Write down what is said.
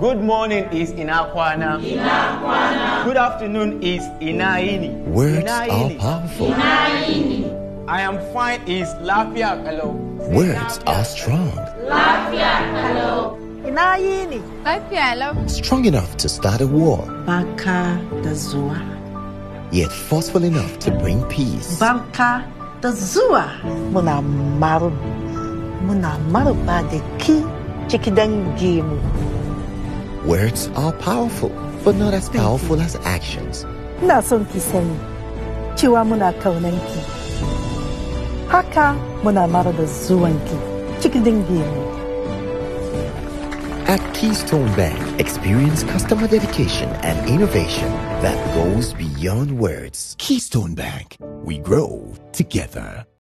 Good morning is inakwana. Inakwana. Good afternoon is inaini. Words inaini. are powerful. Inaini. I am fine is lafia kalo. Words are strong. Lafia kalo. Inaini. Lafia kalo. Strong enough to start a war. Banka dazua. Yet forceful enough to bring peace. Banka dazua. Muna maru munamar ba da ki cikidan Words are powerful, but not as powerful as actions. Ina son ki sani cewa muna kaunanki. Haka muna mara da zuwanki At Keystone Bank, experience customer dedication and innovation that goes beyond words. Keystone Bank, we grow together.